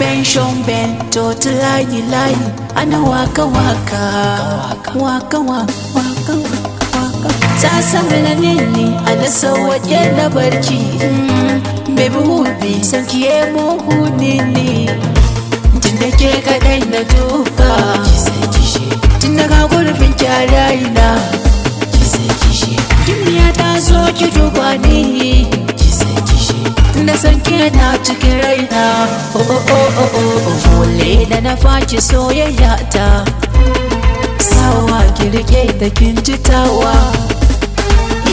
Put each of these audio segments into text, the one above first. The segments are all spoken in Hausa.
ben ben to ta layi layi ana waka waka waka waka waka ta da ne ne a da waje na barci baby hubi san kiye eh, mu huni ne tun da ke kaɗai na tufa tun da ka gurfin kyara ina duniya ta so ki duba ni san ke na cikin raina oh oh oh oh oh oh da na faki soyayya ta sawa ki rike da kin ji tawa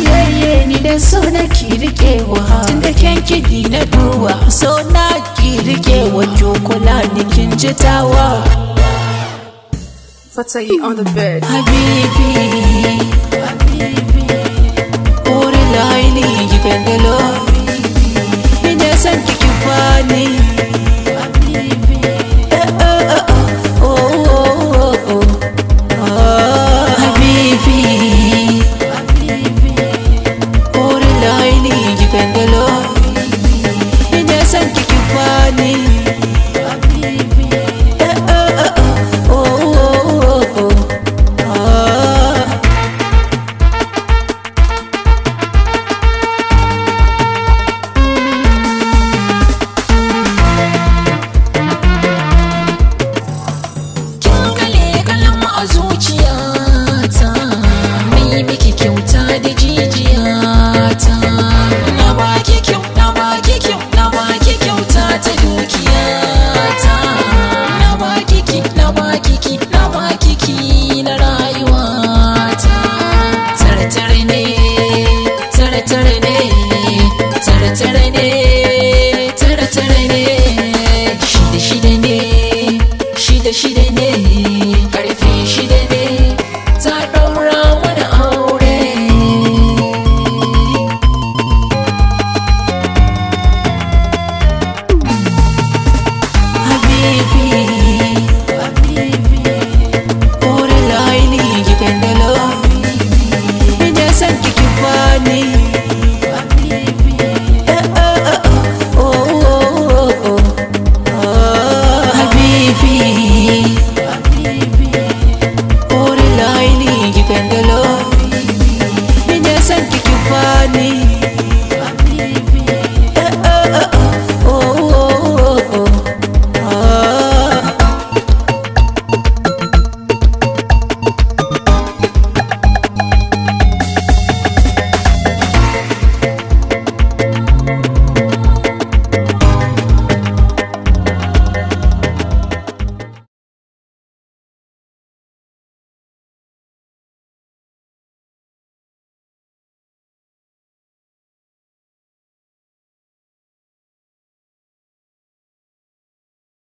yayye ni da so na ki wa. tun da kyan na duwa so na ki wa kyokola ni kin ji tawa Fatahi on the bed. Habibi, Habibi, Uri laili gidan galo Ni ne san kiki fani Habibi ke yi ƙarfi shi da